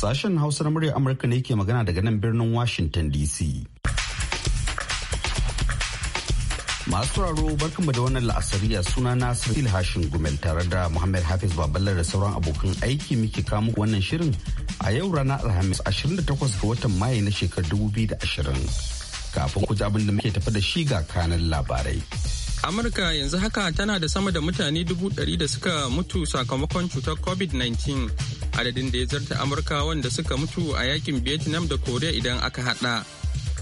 Sashen Hausa na muryar Amurka ne ke magana daga nan birnin Washington DC. Masu turaro barkanmu da wannan la'asariya suna nasir Sarfil Hashin Gumel tare da Muhammad Hafiz Baballa da sauran abokan aiki muke kamo wannan shirin a yau rana Alhamis 28 ga watan Mayu na shekarar 2020. Kafin ku ji abin da muke tafi da shi ga kanan labarai. Amurka yanzu haka tana da sama da mutane dubu da suka mutu sakamakon cutar COVID-19 adadin da ya zarta amurka wanda suka mutu a yakin vietnam da korea idan aka hada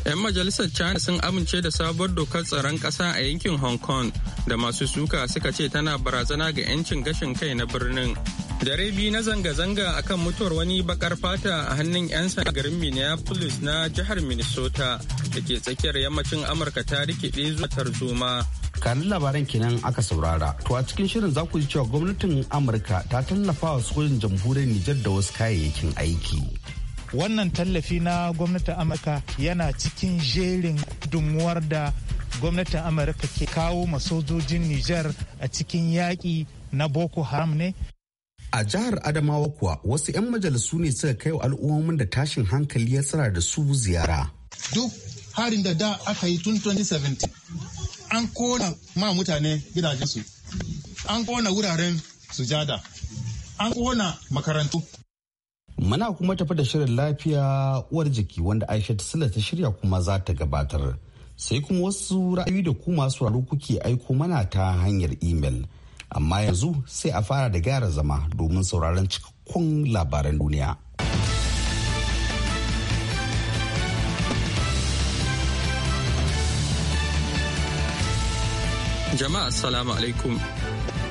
'yan majalisar china sun amince da sabuwar dokar tsaron ƙasa a yankin hong kong da masu suka suka ce tana barazana ga 'yancin gashin kai na birnin dare biyu na zanga-zanga akan mutuwar wani bakar fata a hannun 'yan sanda garin minneapolis na jihar minnesota da ke tsakiyar yammacin amurka ta rikide zuwa tarzoma kanin labaran kenan aka saurara to a cikin shirin za ku ji cewa gwamnatin amurka ta tallafa wa sojin jamhuriyar nijar da wasu kayayyakin aiki wannan tallafi na gwamnatin amurka yana cikin jerin dumuwar da gwamnatin amurka ke kawo ma sojojin nijar a cikin yaƙi na boko haram ne a jihar adamawa kuwa wasu 'yan majalisu ne suka kai wa al'ummomin da tashin hankali ya tsira da su ziyara duk harin da da aka yi tun 2017 an kona ma mutane gidajensu an kona wuraren sujada an kona makarantu Muna kuma tafi da shirin lafiya uwar jiki wanda Aisha Sila ta shirya kuma za ta gabatar. Sai kuma wasu ra'ayi da ku masu raro kuke aiko mana ta hanyar imel. Amma yanzu sai a fara da gyara zama domin sauraron cikakkun labaran duniya. Jama'a Assalamu alaikum.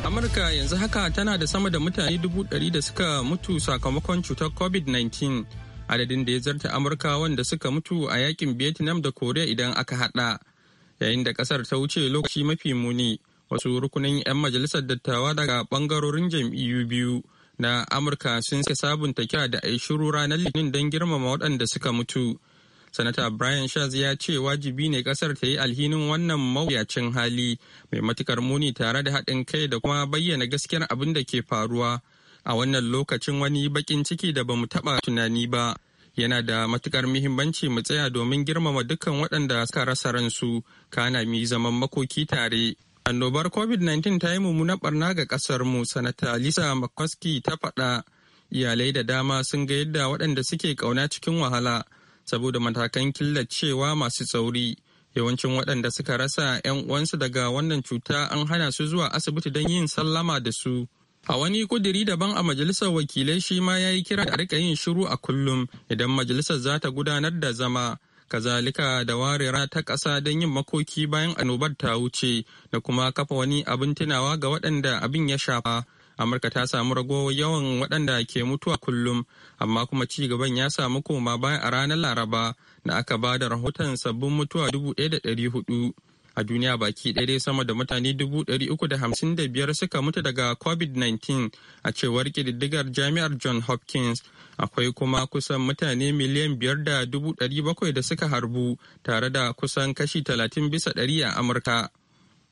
Amurka yanzu haka tana da sama da mutane dubu ɗari da suka mutu sakamakon cutar COVID-19. Adadin da ya zarta Amurka wanda suka mutu a yakin Vietnam da Korea idan aka haɗa. Yayin da ƙasar ta wuce lokaci mafi muni, wasu rukunin 'yan majalisar dattawa daga ɓangarorin jam'iyyu biyu na Amurka sun sabunta kira da a shiru ranar Litinin don girmama waɗanda suka mutu. Sanata Brian Shaz ya ce wajibi ne kasar ta yi alhinin wannan mawuyacin hali mai matukar muni tare da haɗin kai da kuma bayyana gaskiyar abin da ke faruwa a wannan lokacin wani bakin ciki da bamu taɓa tunani ba. Yana da matukar muhimmanci mu tsaya domin girmama dukkan waɗanda suka rasa ransu kana mi zaman makoki tare. Annobar COVID-19 ta yi mummunar barna ga kasar mu, Sanata Lisa McCoskey ta faɗa iyalai da dama sun ga yadda waɗanda suke ƙauna cikin wahala saboda matakan killacewa masu tsauri yawancin waɗanda suka rasa 'yan uwansu daga wannan cuta an hana su zuwa asibiti don yin sallama da su a wani kudiri daban a majalisar wakilai shi ma ya yi kira da rika yin shiru a kullum idan majalisar za ta gudanar da zama kazalika da warera ta ƙasa don yin makoki bayan annobar ta wuce da kuma kafa wani abin tunawa ga waɗanda abin ya shafa amurka ta samu ragowar yawan waɗanda ke mutuwa kullum amma kuma ci gaban ya samu koma bayan a ranar laraba da aka ba da rahoton sabbin mutuwa 1,400 a duniya baki ɗaya sama da mutane 355 suka mutu daga covid-19 a cewar ƙididdigar jami'ar john hopkins akwai kuma kusan mutane miliyan 5,700 da suka harbu tare da kusan kashi 30 bisa 100 a amurka.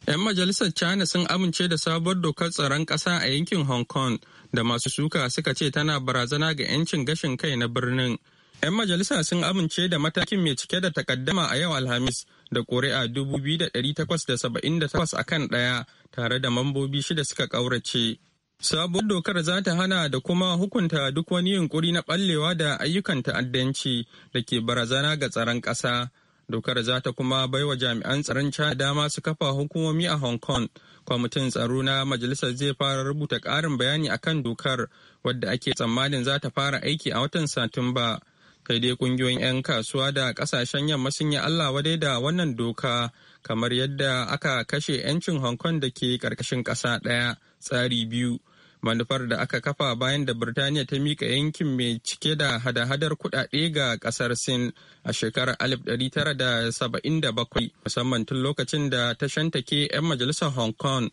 'Yan majalisar China sun amince da sabuwar dokar tsaron ƙasa a yankin Hong Kong da masu suka suka ce tana barazana ga 'yancin gashin kai na birnin. 'Yan majalisa sun amince da matakin mai cike da takaddama a yau Alhamis da ƙuri'a 2,878 a kan ɗaya tare da mambobi shida suka ƙaurace. Sabuwar dokar za ta hana da kuma hukunta duk wani yunkuri na ɓallewa da ayyukan ta'addanci da ke barazana ga tsaron ƙasa. Dokar za ta kuma baiwa jami'an tsaron China dama su kafa hukumomi a Hong Kong. Kwamitin tsaro na majalisar zai fara rubuta ƙarin bayani akan dokar wadda ake tsammanin za ta fara aiki a watan Satumba. Kai dai kungiyoyin 'yan kasuwa da kasashen yamma sun yi Allah wadai da wannan doka kamar yadda aka kashe 'yancin Hong Kong da ke karkashin ƙasa daya. tsari biyu. manufar da aka kafa bayan da Birtaniya ta mika yankin mai cike da hada-hadar kudade ga kasar Sin a shekarar 1977 musamman tun lokacin da ta shantake 'yan majalisar Hong Kong.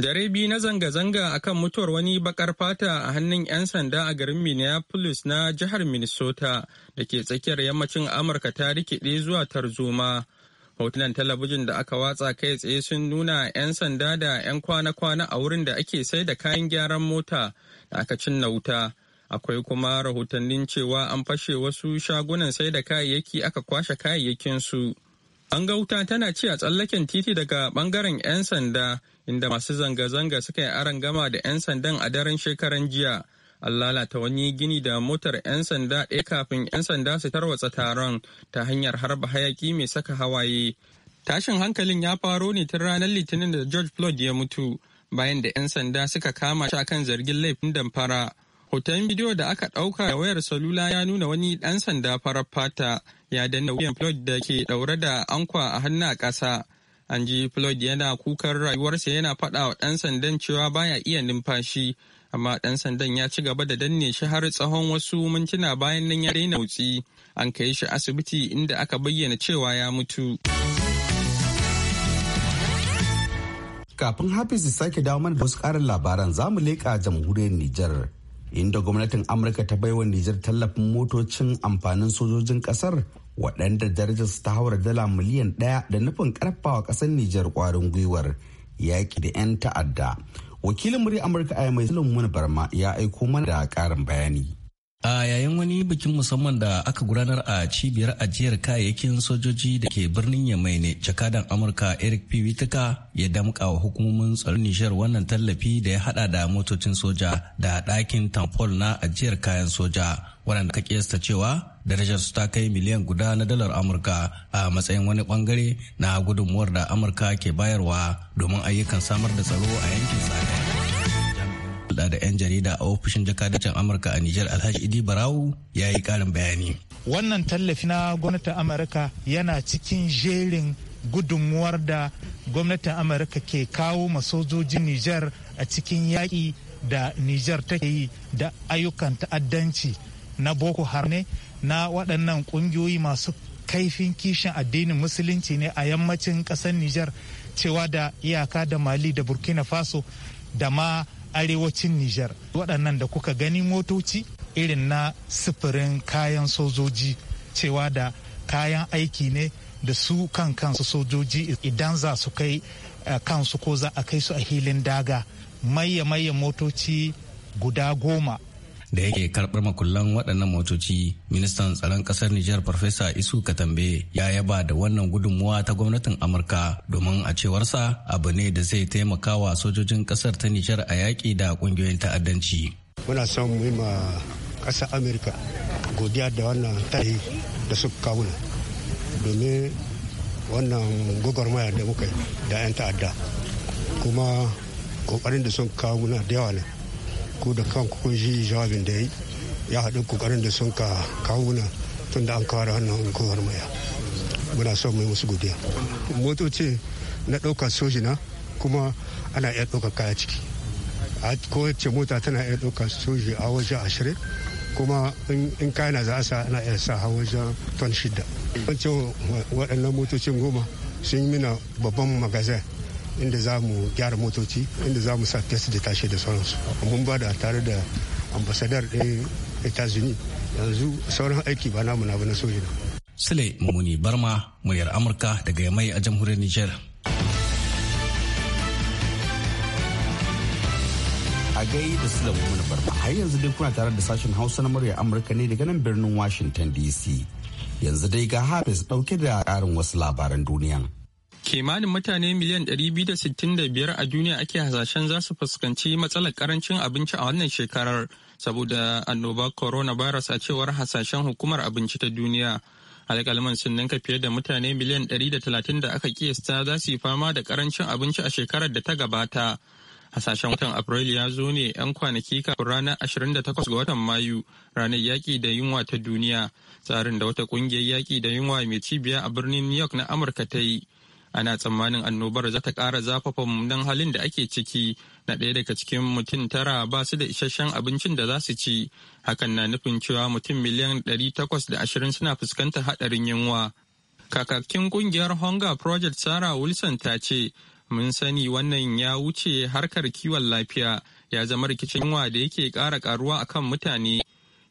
Dare na zanga-zanga a kan mutuwar wani bakar fata a hannun 'yan sanda a garin Minneapolis na jihar Minnesota da ke tsakiyar yammacin Amurka ta rikide zuwa tarzoma. hotunan talabijin da aka watsa kai tsaye sun nuna 'yan sanda da 'yan kwana-kwana a wurin da ake sai da kayan gyaran mota da aka cinna wuta akwai kuma rahotannin cewa an fashe wasu shagunan sai da kayayyaki aka kwashe kayayyakinsu an ga wuta tana ci a tsallaken titi daga bangaren 'yan sanda inda masu zanga-zanga suka yi gama da 'yan sandan a daren shekaran jiya an lalata wani gini da motar 'yan sanda ɗaya kafin 'yan sanda su tarwatsa taron ta hanyar harba hayaki mai saka hawaye tashin hankalin ya faro ne tun ranar litinin da george floyd ya mutu bayan da 'yan sanda suka kama shi akan zargin laifin damfara hoton bidiyo da aka ɗauka da wayar salula ya nuna wani ɗan sanda farar fata ya danna william floyd da ke ɗaure da ankwa a hannu a ƙasa an ji floyd yana kukan rayuwarsa yana faɗa wa ɗan sandan cewa baya iya numfashi amma ɗan sandan ya ci gaba da danne shi har tsawon wasu mintuna bayan nan ya daina wutsi an kai shi asibiti inda aka bayyana cewa ya mutu. Kafin Hafiz sake dawo mana da wasu karin labaran za mu leƙa jamhuriyar Nijar. Inda gwamnatin Amurka ta wa Nijar tallafin motocin amfanin sojojin kasar waɗanda su ta haura dala miliyan ɗaya da nufin ƙarfafa ƙasar Nijar ƙwarin gwiwar yaƙi da 'yan ta'adda. wakilin murya amurka a mai muna barma ya aiko mana da karin bayani a yayin wani bikin musamman da aka gudanar a cibiyar ajiyar kayayyakin sojoji da ke birnin yamai ne jakadan amurka eric p ya damƙa wa hukumomin tsaron nijar wannan tallafi da ya hada da motocin soja da ɗakin tamfol na ajiyar kayan soja waɗanda ka kiyasta cewa darajar su ta kai miliyan guda na dalar amurka a matsayin wani bangare na gudunmuwar da amurka ke bayarwa domin ayyukan samar da tsaro a yankin sahel da da 'yan jarida a ofishin jakadancin amurka a nijar alhaji idi barawu ya yi ƙarin bayani wannan tallafi na gwamnatin amurka yana cikin jerin gudunmuwar da gwamnatin amurka ke kawo sojojin nijar a cikin yaƙi da nijar take yi da ayyukan ta'addanci na boko haram ne na waɗannan ƙungiyoyi masu kaifin kishin addinin musulunci ne a yammacin ƙasar Nijar cewa da iyaka da Mali da Burkina Faso da ma arewacin Nijar. Waɗannan da kuka gani motoci irin na sifirin kayan sojoji cewa da kayan aiki ne da su kan kansu sojoji idan za su kai eh, kansu ko za a kai su a hilin daga maye maye motoci guda goma da yake karbar makullan waɗannan motoci ministan tsaron ƙasar Nijar Farfesa Isu Katambe ya yaba da wannan gudunmuwa ta gwamnatin Amurka domin a cewarsa abu ne da zai taimaka wa sojojin ƙasar ta Nijar a yaƙi da ƙungiyoyin ta'addanci. Muna son mu yi ma ƙasar Amurka godiya da wannan tarihi da suka kawo domin wannan gwagwarmaya da muka yi da 'yan ta'adda kuma ƙoƙarin da sun kawo muna da yawa ne ku da kanku kun ji jawabin da ya yi ya haɗu kokarin da sun ka kawo tun da an kawar hannun kowar maya muna son mai musu godiya motoci na ɗaukar sojina kuma ana iya ɗaukar kaya ciki a kowace mota tana iya ɗauka soji a waje ashirin kuma in kaya na za a sa ana iya sa a wajen ton shida wancan waɗannan motocin goma sun yi mina babban magazin inda za mu gyara motoci inda za mu sa test da tashi da sauransu mun ba da tare da ambasadar ɗin etazuni yanzu sauran aiki ba namu na na soja sule mummuni barma muryar amurka daga yamai a jamhuriyar niger a gai da sule mummuni barma har yanzu dai kuna tare da sashen hausa na muryar amurka ne daga nan birnin washington dc yanzu dai ga hafiz dauke da karin wasu labaran duniya. kimanin mutane miliyan 265 a duniya ake hasashen za su fuskanci matsalar karancin abinci a wannan shekarar saboda annoba coronavirus a cewar hasashen hukumar abinci ta duniya alƙalman sun ninka fiye da mutane miliyan 130 da aka kiyasta za su yi fama da karancin abinci a shekarar da ta gabata hasashen watan afrilu ya zo ne 'yan kwanaki kafin ranar 28 ga watan mayu ranar yaƙi da yunwa ta duniya tsarin da wata ƙungiyar yaƙi da yunwa mai cibiya a birnin new york na amurka ta yi ana tsammanin annobar za ta ƙara zafafa mummunan halin da ake ciki na ɗaya daga cikin mutum tara ba su da isasshen abincin da za su ci hakan na nufin cewa mutum miliyan ɗari takwas da ashirin suna fuskantar haɗarin yunwa kakakin ƙungiyar hunger project sarah wilson ta ce mun sani wannan ya wuce harkar kiwon lafiya ya zama rikicin yunwa da yake ƙara ƙaruwa akan mutane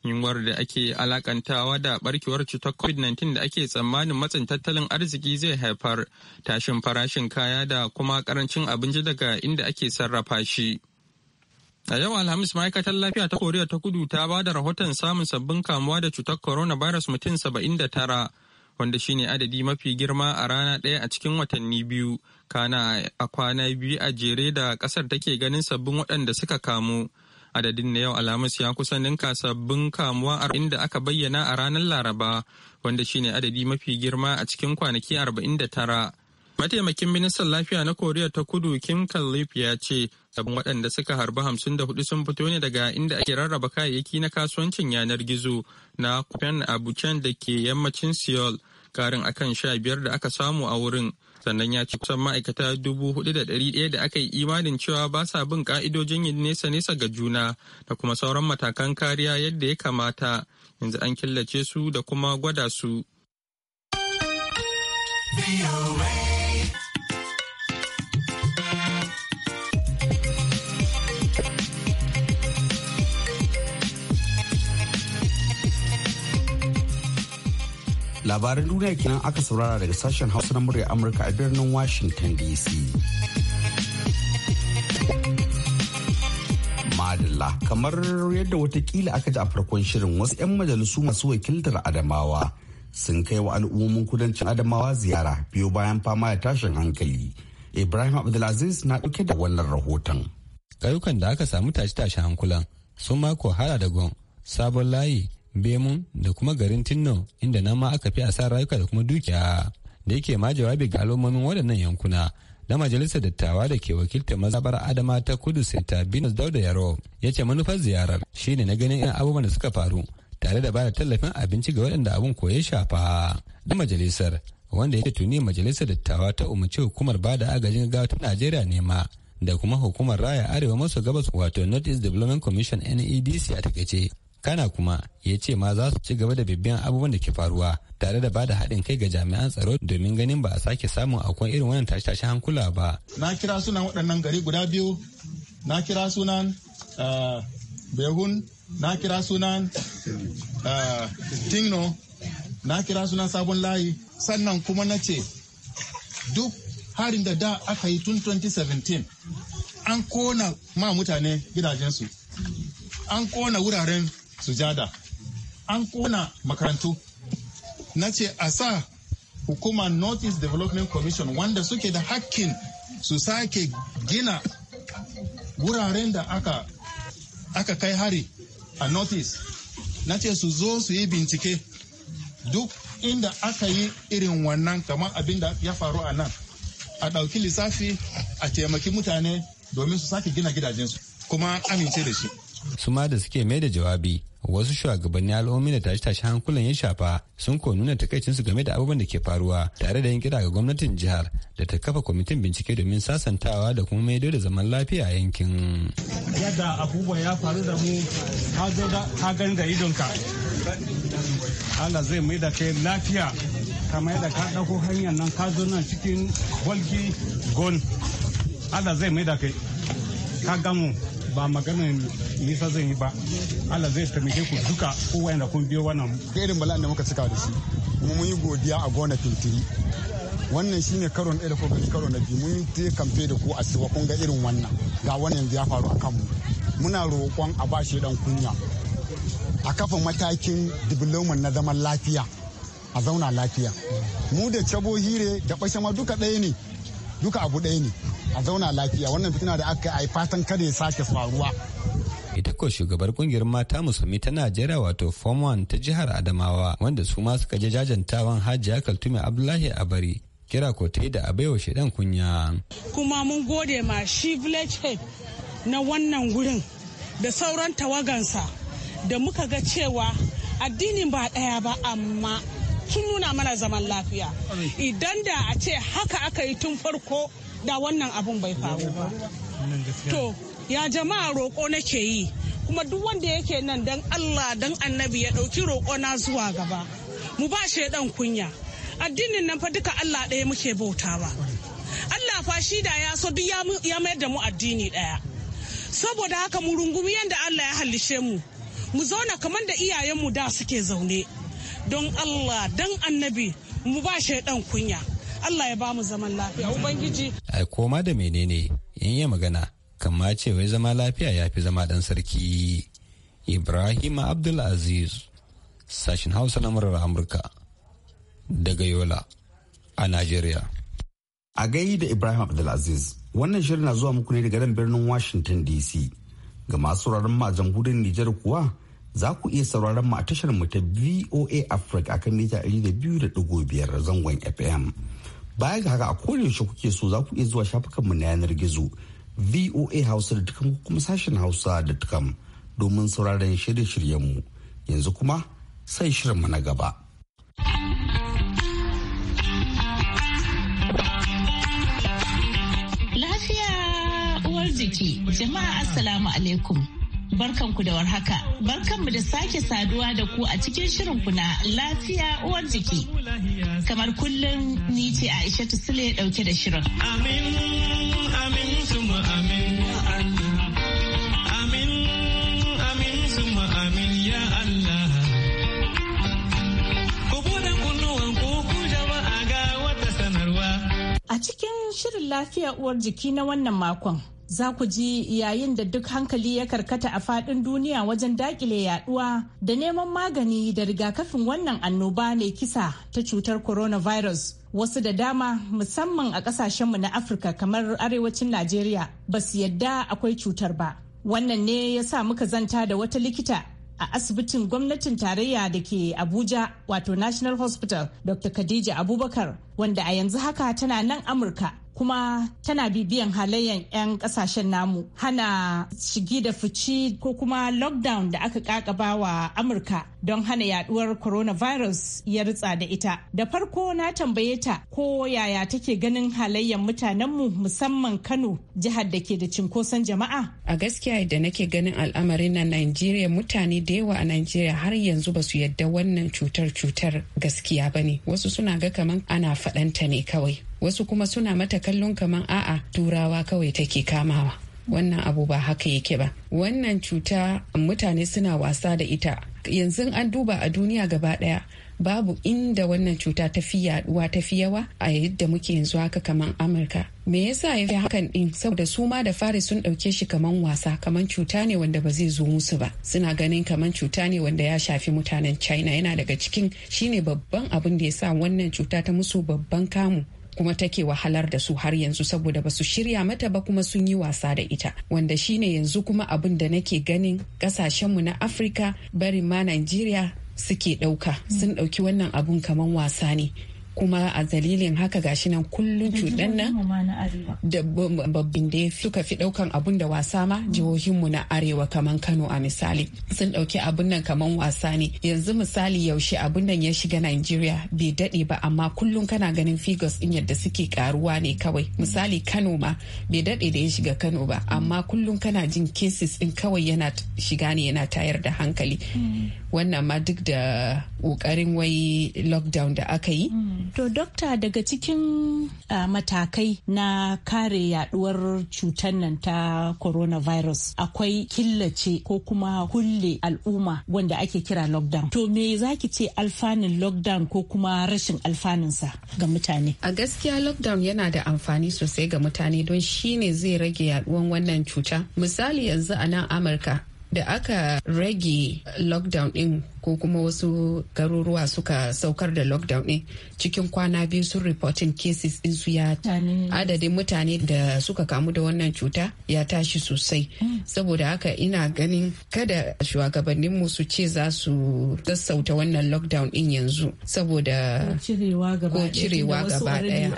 yunwar da ake alakantawa da barkewar cutar covid-19 da ake tsammanin matsin tattalin arziki zai haifar tashin farashin kaya da kuma karancin abinci daga inda ake sarrafa shi a yau alhamis ma'aikatar lafiya ta koriya ta kudu ta ba da rahoton samun sabbin kamuwa da cutar virus mutum 79 wanda shine adadi mafi girma a rana ɗaya a cikin watanni biyu kana a kwana biyu a jere da ƙasar take ganin sabbin waɗanda suka kamu adadin na yau alhamis ya kusa ninka sabbin kamuwa arba'in da aka bayyana a ranar laraba wanda shine adadi mafi girma a cikin kwanaki arba'in da tara mataimakin ministan lafiya na koriya ta kudu kim kalif ya ce sabbin waɗanda suka harbi hamsin da hudu sun fito ne daga inda ake rarraba kayayyaki na kasuwancin yanar gizo na kufen abuchan da ke yammacin seoul karin akan sha biyar da aka samu a wurin sannan ya ci kusan ma'aikata dubu hudu da dari ɗaya da aka yi imanin cewa ba sa bin ka'idojin yin nesa-nesa ga juna da kuma sauran matakan kariya yadda ya kamata yanzu an killace su da kuma gwada su. labarin duniya kenan aka saurara daga sashen hausa na murya amurka a birnin washington dc madalla kamar yadda watakila aka ji a farkon shirin wasu 'yan majalisu masu wakiltar adamawa sun kai wa al'ummomin kudancin adamawa ziyara biyu bayan fama da tashin hankali ibrahim abdulaziz na ɗauke da wannan rahoton ƙauyukan da aka samu tashe-tashen hankulan sun mako hala da gon sabon layi bemun da kuma garin tinno inda nan ma aka fi sa rayuka da kuma dukiya da yake ma jawabi ga al'ummomin waɗannan yankuna na majalisar dattawa da ke wakiltar mazabar adama ta kudu senta binus dauda yaro ya ce manufar ziyarar shine na ganin yan abubuwan da suka faru tare da bada tallafin abinci ga waɗanda abun ko ya shafa da majalisar wanda ya ce tuni majalisar dattawa ta umarci hukumar bada agajin gawa ta najeriya ne ma da kuma hukumar raya arewa maso gabas wato north east development commission nedc a takaice kana kuma ya ce ma za su ci gaba da bibiyan abubuwan da ke faruwa tare da bada haɗin kai ga jami'an tsaro domin ganin ba a sake samun akwai irin wannan tashe-tashe hankula ba. Na kira sunan waɗannan gari guda biyu, na kira sunan eh, begun na kira sunan eh, Tingno, na kira sunan Sabon Layi, sannan kuma na ce duk harin da da aka yi tun 2017 an kona ma mutane gidajensu, an kona wuraren sujada an kuna makarantu na ce a sa hukuma north east development commission wanda suke da hakkin su sake gina wuraren da aka, aka kai hari a north east na ce su zo su yi bincike duk inda aka yi irin wannan kamar abin da ya faru a nan a ɗauki lissafi a taimaki mutane domin su sake gina gidajensu kuma amince da shi su ma da suke mai da jawabi wasu shugabanni al'ummi da tashi tashi hankulan ya shafa sun ko nuna takaicinsu game da abubuwan da ke faruwa tare da yin kira ga gwamnatin jihar da ta kafa kwamitin bincike domin sasantawa da kuma maido da zaman lafiya a yankin yadda abubuwa ya faru da mu ka gani da idonka Allah zai mai da kai lafiya kamar yadda ka ɗauko hanyar nan ka zo nan cikin bolki gon Allah zai mai da kai ka gamu ba maganin nisa zai yi ba Allah zai taimake ku duka ko da kun biyo wannan irin bala'in da muka cika da shi kuma mun yi godiya a gona tintiri wannan shine karon ɗaya da kuma karo na biyu mun yi kamfe da ku a siwa kun ga irin wannan ga wannan yanzu ya faru a kanmu muna roƙon a bashi dan kunya a kafa matakin diploman na zaman lafiya a zauna lafiya mu da cabo hire da ɓashe duka ɗaya ne duka abu ɗaya ne a zauna lafiya wannan fitina da aka yi fatan kada ya sake faruwa ita ko shugabar kungiyar mata musulmi ta najeriya wato form 1 ta jihar adamawa wanda su ma suka je jajantawan hajiya kaltume abdullahi a bari kira ko ta yi da abaiwa shaidan kunya kuma mun gode ma shi village head na wannan gurin da sauran tawagansa da muka ga cewa addinin ba ɗaya ba amma kin nuna mana zaman lafiya idan da a ce haka aka yi tun farko da wannan abun bai faru ba to ya jama'a roƙo nake yi kuma duk wanda yake nan dan Allah dan annabi ya ɗauki roƙo na zuwa gaba mu ba shi dan kunya addinin nan fa duka Allah ɗaya muke bautawa Allah fa shi da ya so duk ya mayar da mu addini ɗaya saboda haka mu rungumi yadda Allah ya halishe mu mu zauna kamar da iyayenmu da suke zaune don Allah don annabi mu ba shaidan kunya Allah ya ba mu zaman lafiya ubangiji ai koma da menene in yi magana kama ce wai zama lafiya ya fi zama dan sarki Ibrahim Abdulaziz sashin Hausa na murar Amurka daga Yola a Najeriya a da Ibrahim Abdulaziz wannan shirin na zuwa muku ne daga nan birnin Washington DC ga masu sauraron majan gudun Nijar kuwa za ku iya sauraron mu a tashar mu ta VOA Africa akan mita 200.5 zangon FM. Baya ga haka a yaushe kuke so za ku iya zuwa shafukanmu na yanar gizo VOA Hausa da tukam kuma sashen Hausa da dukkan. domin sauraron shirye mu Yanzu kuma sai shirinmu na gaba. Lafiya uwar jiki, jama'a Assalamu alaikum. Barkanku da warhaka. Barkanmu da sake saduwa da ku a cikin shirin ku na lafiya uwar jiki. Kamar kullum ni ce Aisha Sule dauke da shirin. Amin, amin, suma amin. Amin, amin, suma amin ya Allah. A cikin shirin lafiya uwar jiki na wannan makon. za ku ji yayin da duk hankali ya karkata a faɗin duniya wajen dakile yaduwa da neman magani da rigakafin wannan annoba ne kisa ta cutar coronavirus wasu da dama musamman a kasashenmu na afirka kamar arewacin najeriya ba su yadda akwai cutar ba wannan ne ya sa muka zanta da wata likita a asibitin gwamnatin tarayya da ke abuja wato national hospital dr khadija abubakar wanda a yanzu haka tana nan amurka kuma tana bibiyan halayen 'yan kasashen namu hana shigi da fici ko kuma lockdown da aka kakaba wa amurka don hana yaduwar coronavirus ya ritsa da ita da farko na tambaye ta ko yaya take ganin halayen mutanenmu musamman kano jihar da ke da cinkoson jama'a a gaskiya da nake ganin al'amarin na najeriya mutane da yawa a najeriya har yanzu ba su yadda wannan cutar cutar gaskiya ba ne wasu suna ga kamar ana faɗanta ne kawai wasu kuma suna mata kallon kaman a'a turawa kawai take kamawa wannan abu ba haka yake ba wannan cuta mutane suna wasa da ita yanzu an duba a duniya gaba daya babu inda wannan cuta ta fi yaduwa ta fi yawa a yadda muke yanzu haka kamar amurka me yasa ya fi hakan din saboda su ma da fari sun dauke shi kamar wasa kamar cuta ne wanda ba zai zo musu ba suna ganin kamar cuta ne wanda ya shafi mutanen china yana daga cikin shine babban abin da ya sa wannan cuta ta musu babban kamu kuma take wahalar da su har yanzu saboda ba su shirya mata ba kuma sun yi wasa da ita wanda shine yanzu kuma abin da nake ganin kasashenmu na afirka barin ma nigeria suke ɗauka sun ɗauki wannan abun kaman wasa ne kuma a dalilin haka gashi nan kullun cuɗan nan da babbin da suka fi ɗaukan abun da wasa ma mm. jihohinmu na arewa kaman kano a misali sun ɗauki abun nan kamar wasa ne yanzu misali yaushe abun nan ya shiga nigeria bai daɗe ba amma kullun kana ganin figures ɗin yadda suke karuwa ne kawai misali kano ma bai daɗe da ya shiga kano ba mm. amma kullun kana jin cases ɗin kawai yana shiga ne yana tayar da hankali mm. wannan ma duk da kokarin wai lockdown da aka yi. Mm. To dokta daga cikin uh, matakai na kare yaduwar cutar nan ta coronavirus akwai killace ko kuma kulle al'umma wanda ake kira lockdown. To me za ki ce alfanin lockdown ko kuma rashin sa ga mutane? A gaskiya lockdown yana da amfani sosai ga mutane don shi ne zai rage yaduwan wannan cuta. Misali yanzu a nan Amurka da aka rage lockdown din ko kuma wasu garuruwa suka saukar da lockdown ɗin cikin kwana biyu sun reporting cases din su ya adadin mutane da suka kamu da wannan cuta ya tashi sosai mm. saboda haka ina ganin kada mu su ce za su sassauta wannan lockdown ɗin yanzu saboda ko cirewa gaba daya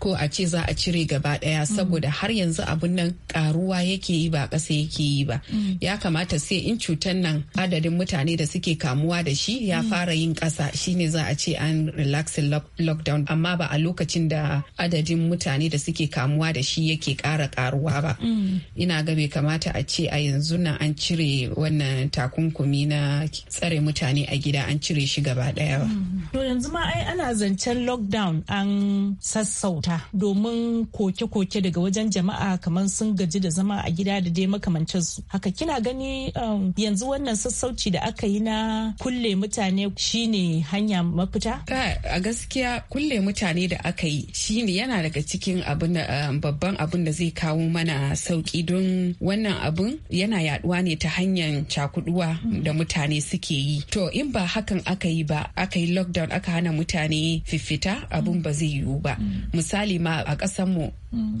ko a ce za a cire gaba ɗaya mm. saboda har yanzu abun nan karuwa yake yi ba ƙasa yake yi ba mm. ya kamata sai in cutan nan adadin mutane da suke kamuwa da shi ya hmm. fara yin ƙasa shine za a ce an relaxing lockdown amma ba a lokacin da adadin mutane da suke kamuwa da shi yake kara ƙaruwa ba hmm. ina ga bai kamata a ce a yanzu na an cire wannan takunkumi na tsare mutane a gida an cire shi gaba ɗaya ba hmm. to yanzu ma ai ana zancen lockdown an sassauta domin koke-koke daga wajen jama'a kamar sun gaji da zama a gida da dai su haka kina gani um, yanzu wannan sassauci da aka yi na kulle mutane shine hanya mafita? A gaskiya kulle mutane da aka yi shine yana daga cikin um, babban abin da zai kawo mana sauki don wannan abin yana yaduwa ne ta hanyar cakuduwa da mutane suke yi. To in ba hakan aka yi ba aka yi lockdown aka hana mutane fifita abin ba zai yiwu ba. Misali ma a kasan mu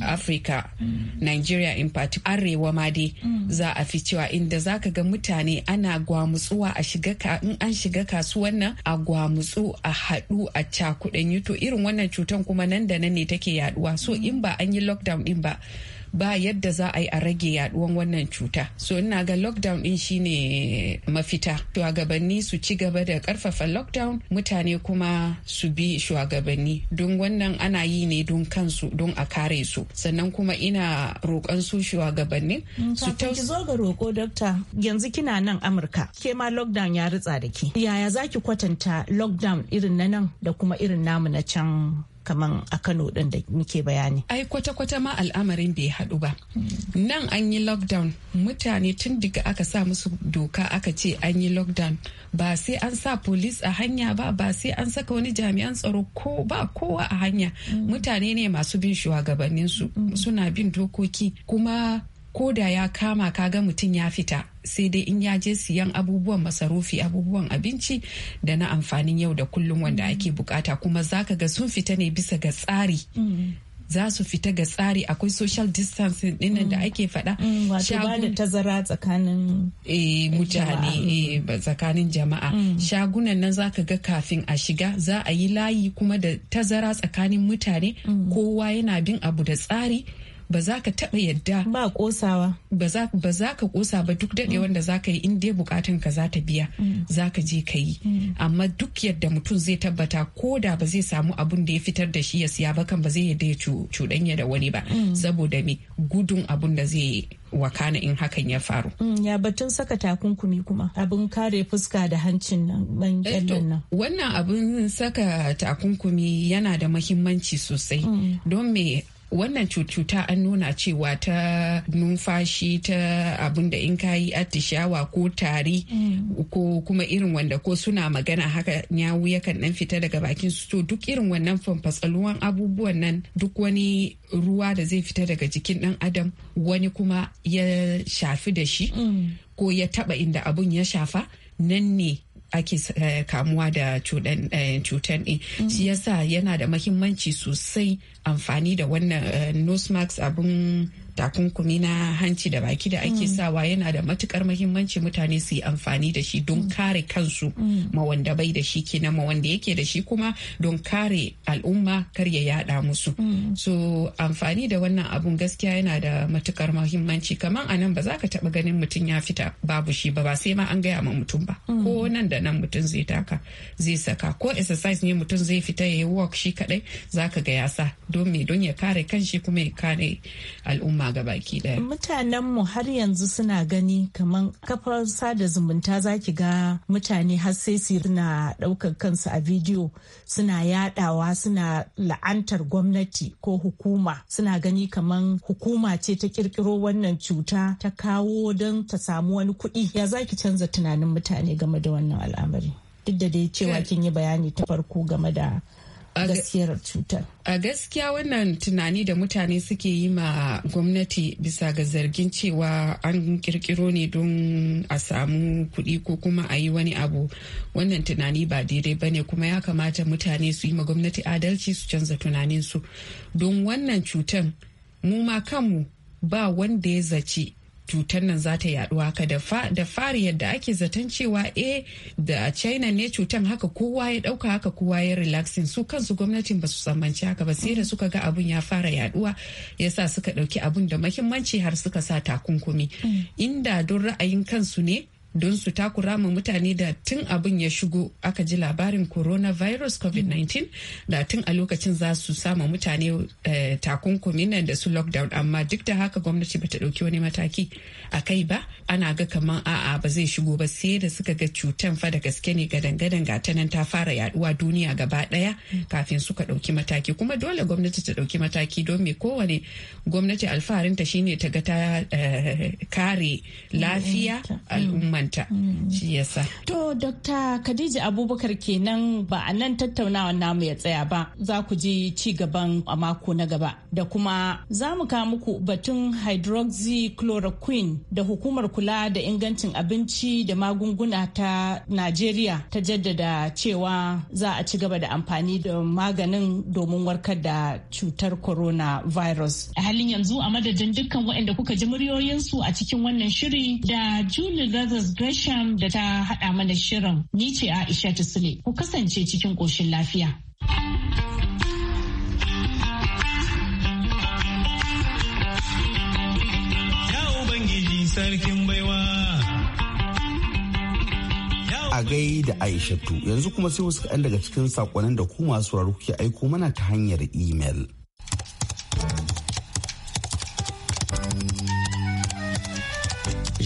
Afirka, Nigeria in particular arewa ma dai za a fi cewa inda zaka ga mutane ana gwamu gwamutsuwa a shiga ka in an shiga kasuwan nan a gwamutsu a haɗu a cakuɗanyi to irin wannan cutan kuma nan da nan ne take yaduwa so in ba an yi lockdown din ba ba yadda za a yi a rage yaduwan wannan cuta so ina ga lockdown din shine mafita shugabanni su ci gaba da karfafa lockdown mutane kuma su bi shugabanni don wannan ana yi ne don kansu don a kare su sannan kuma ina roƙon su shugabanni mm, su ta zo ga roƙo dokta yanzu kina nan amurka ke ma lockdown ya ritsa da ke yaya zaki kwatanta lockdown irin na nan da kuma irin namu na can kaman a Kano ɗin da muke bayani. Ai kwata-kwata ma al'amarin bai haɗu ba. Nan an yi lockdown mutane tun daga aka sa musu doka aka ce an yi lockdown ba sai an sa police a hanya ba ba sai an saka wani jami'an tsaro ko ba kowa a hanya. Mm. Mutane ne masu bin shugabanninsu mm. suna bin dokoki kuma ko da ya kama kaga mutum ya fita sai dai in ya je siyan abubuwan masarufi abubuwan abinci da na amfanin yau da kullum wanda ake mm. bukata kuma zaka ga sun fita ne bisa ga tsari mm. za su fita ga tsari akwai social distancing dinnan da mm. ake faɗa. Shagunan tazara tsakanin eh, mutane eh, tsakanin jama'a. Shagunan nan za ka ga kafin a shiga za a yi layi kuma da tazara tsakanin mutane kowa yana bin abu da tsari. ba za ka taɓa yadda ba kosawa ba za ka kosa ba duk daɗe wanda za ka yi in dai bukatan ka za ta biya mm. za ka je ka yi mm. amma duk yadda mutum zai tabbata ko da ba zai samu abun da ya fitar da shi ya siya ba kan ba zai yadda ya cuɗanya da wani ba mm. saboda me gudun abun da zai wakana in hakan ya faru. ya batun saka takunkumi kuma abin kare fuska da hancin nan ban eh, nan. Wannan abin saka takunkumi yana da mahimmanci sosai don me wannan cuta an nuna cewa ta numfashi ta abinda da in kayi atishawa ko tari mm. ko kuma irin wanda ko suna magana haka nyawu yakan dan fita daga bakin su to duk irin wannan fanfatsaluwan abubuwan nan duk wani ruwa da zai fita daga jikin dan adam wani kuma ya shafi da shi mm. ko ya taba inda abun ya shafa nan ne ake eh, kamuwa da eh, cutan ɗin mm. shi yasa yana da mahimmanci sosai amfani da wannan eh, nose mask abun takunkumi na hanci da baki da ake mm. sawa yana da matukar mahimmanci mutane su yi amfani da shi don mm. kare kansu mm. ma wanda bai da shi kenan ma wanda yake da shi kuma don kare al'umma kar ya yada musu so amfani da wannan abun gaskiya yana da matukar mahimmanci kamar a nan ba za ka taba ganin mutum ya fita babu shi ba ba sai ma an gaya ma mutum ba ko nan da nan mutum zai taka zai saka ko exercise ne mutum zai fita ya yi walk shi kadai za ka ga ya sa don me don ya kare kanshi kuma ya kare al'umma ga baki daya mutanen mu har yanzu suna gani kamar kafar sada zumunta za ki ga mutane har sai su na daukar kansu a bidiyo suna yadawa suna la'antar gwamnati ko hukuma suna gani kamar hukuma ce ta kirkiro wannan cuta ta kawo don ta samu wani kuɗi ya ki canza tunanin mutane game da wannan al'amari duk da dai cewa kin yi bayani ta farko game da gaskiyar cutar. A gaskiya wannan tunani da mutane suke yi ma gwamnati bisa ga zargin cewa an kirkiro ne don a samu kuɗi ko kuma a yi wani abu wannan tunani ba daidai ba ne kuma ya kamata mutane su yi ma gwamnati adalci su canza tunaninsu don wannan cutar mu ma kanmu ba wanda ya zaci cutar nan za ta yaɗu haka da fari yadda ake zaton cewa eh da china ne cutan haka kowa ya ɗauka haka kowa ya relaxing su kansu gwamnatin ba su tsammanci haka ba sai da suka ga abun ya fara yaduwa sa suka ɗauki abun da mahimmanci har suka sa takunkumi mm. inda don ra'ayin kansu ne don su takura ma mutane da tun abin ya shigo aka ji labarin coronavirus covid-19 da tun a lokacin za su sama mutane eh, takunkumi nan da su lockdown amma duk da haka gwamnati bata dauki wani mataki a kai ba ana ga kamar a'a ba zai shigo ba sai da suka ga cutan fa da gaske ne gadan-gadan ga ta nan ta fara yaduwa duniya gaba daya kafin suka dauki mataki kuma dole gwamnati ta dauki mataki don me kowane gwamnati alfaharinta shine ta ga ta eh, kare lafiya mm. al'umma manta mm. shi yasa to dr khadija abubakar kenan ba a nan tattaunawa namu ya tsaya ba za ku ji ci gaban a mako na gaba da kuma za mu kawo muku batun hydroxychloroquine da hukumar kula da ingancin abinci da magunguna ta najeriya ta jaddada cewa za a ci gaba da amfani da maganin domin warkar da cutar coronavirus a halin yanzu a madadin dukkan waɗanda kuka ji muryoyinsu a cikin wannan shiri da julie gazas Gresham da ta haɗa mana shirin. Ni ce Aisha ta Sule ku kasance cikin ƙoshin lafiya. a gai da aishatu yanzu kuma sai wasu kaɗan daga cikin saƙonin da ku masu kuke aiko mana ta hanyar imel.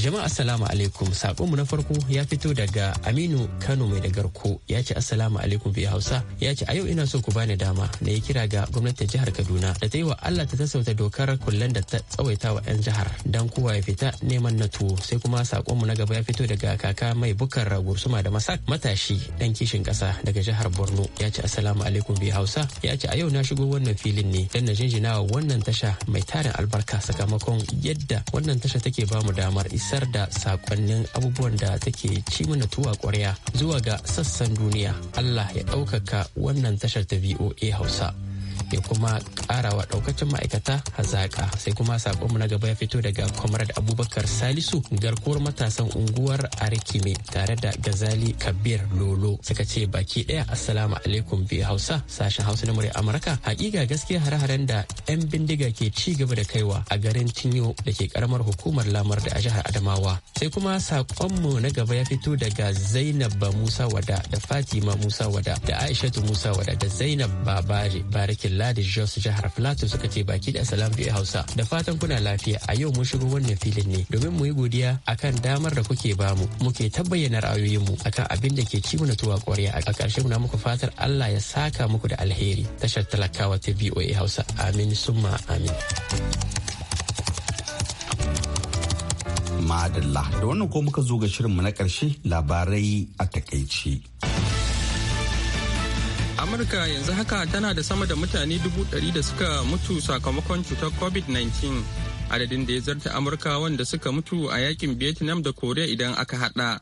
Jama'a assalamu alaikum sakonmu na farko ya fito daga Aminu Kano mai da garko ya ce assalamu alaikum bi Hausa ya ce a yau ina so ku bani dama na yi kira ga gwamnatin jihar Kaduna da ta yi wa Allah ta tasauta dokar kullen da ta tsawaita wa 'yan jihar dan kowa ya fita neman na tuwo sai kuma sakonmu na gaba ya fito daga kaka mai bukar gursuma da masak matashi dan kishin kasa daga jihar Borno ya ce assalamu alaikum bi Hausa ya ce a yau na shigo wannan filin ne dan na jinjina wa wannan tasha mai tarin albarka sakamakon yadda wannan tasha take bamu damar isa isar da sakonnin abubuwan da take ci mana tuwa ƙwarya zuwa ga sassan duniya Allah ya ɗaukaka wannan tashar ta VOA Hausa. ya kuma karawa daukacin ma'aikata hazaka sai kuma sakonmu na gaba ya fito daga comrade abubakar salisu garkuwar matasan unguwar arikime tare da gazali kabir lolo suka ce baki daya assalamu alaikum bi hausa sashen hausa na murya amurka hakika gaskiya hare-haren da yan bindiga ke ci gaba da kaiwa a garin tinyo da ke karamar hukumar lamar da a jihar adamawa sai kuma sakonmu na gaba ya fito daga zainab ba musa wada da fatima musa wada da aishatu musa wada da zainab babaje barike yankin Ladi Jos jihar Plateau suka ce baki da salam biyu Hausa. Da fatan kuna lafiya a yau mun shigo wannan filin ne domin mu yi godiya akan damar da kuke bamu muke tabbayyana ra'ayoyinmu akan abin da ke ci tuwa kwarya a ƙarshe muna muku fatar Allah ya saka muku da alheri. Tashar talakawa ta VOA Hausa. Amin summa amin. Madalla da wannan ko muka zo ga shirin mu na ƙarshe labarai a takaici. amurka yanzu haka tana da sama da mutane dubu ɗari da suka mutu sakamakon cutar covid-19 adadin da ya zarta amurka wanda suka mutu a yakin vietnam da korea idan aka hada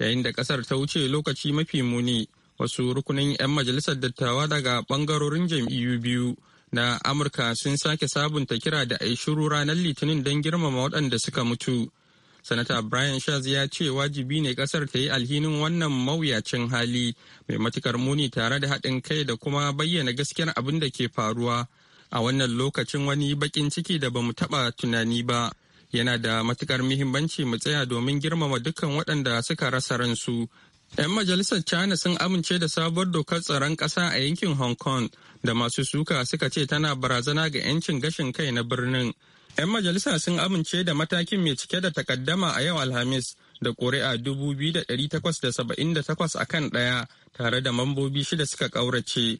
yayin da kasar ta wuce lokaci mafi muni wasu rukunin 'yan majalisar dattawa daga bangarorin jam'iyyu biyu na amurka sun sake sabunta kira da a shiru ranar litinin don girmama waɗanda suka mutu sanata brian shaz ya ce wajibi ne kasar ta yi alhinin wannan mawuyacin hali mai matukar muni tare da haɗin kai da kuma bayyana gaskiyar abin da ke faruwa a wannan lokacin wani baƙin ciki da bamu taɓa tunani ba yana da matukar muhimmanci mu tsaya domin girmama dukkan waɗanda suka rasa ransu 'Yan majalisar China sun amince da sabuwar dokar tsaron ƙasa a yankin Hong Kong da masu suka suka ce tana barazana ga 'yancin gashin kai na birnin 'Yan majalisa sun amince da matakin mai cike da takaddama a yau Alhamis da ƙuri'a 2,878 a kan ɗaya tare da mambobi shida suka ƙaurace.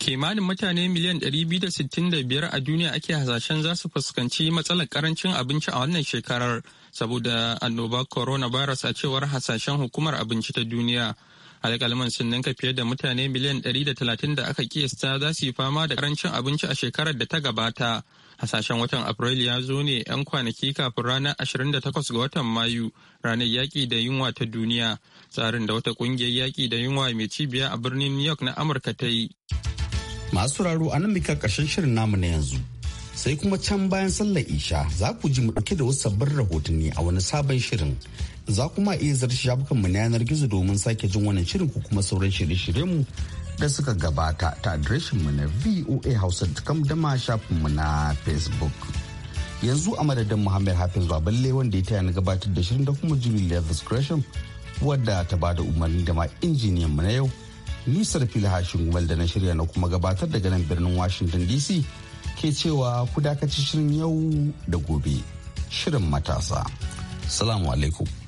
Kimanin mutane miliyan 265 a duniya ake hasashen za su fuskanci matsalar karancin abinci a wannan shekarar saboda annoba coronavirus a cewar hasashen hukumar abinci ta duniya. alƙalman sun ninka fiye da mutane miliyan 130 da aka kiyasta za su yi fama da karancin abinci a shekarar da ta gabata hasashen watan april ya zo ne 'yan kwanaki kafin ranar 28 ga watan Mayu ranar yaƙi da yunwa ta duniya tsarin da wata ƙungiyar yaƙi da yunwa mai cibiya a birnin New York na Amurka ta yi. Masu raro a nan muka ƙarshen shirin namu na yanzu. Sai kuma can bayan sallar isha za ku ji mu ɗauke da wasu sabbin rahotanni a wani sabon shirin. Za kuma iya zarce shafukanmu na yanar gizo domin sake jin wannan shirin ko kuma sauran shirye-shiryenmu da suka gabata ta mu na voa hausa da ma mu na facebook yanzu a madadin muhammad hafiz balle wanda ya taya na gabatar da shirin da kuma julia discretion wadda ta ba da umarni da ma injiniyan mu na yau nisar filhashin gumal da na shirya na kuma gabatar daga nan birnin washington dc ke cewa ku dakaci shirin yau da gobe shirin matasa salamu alaikum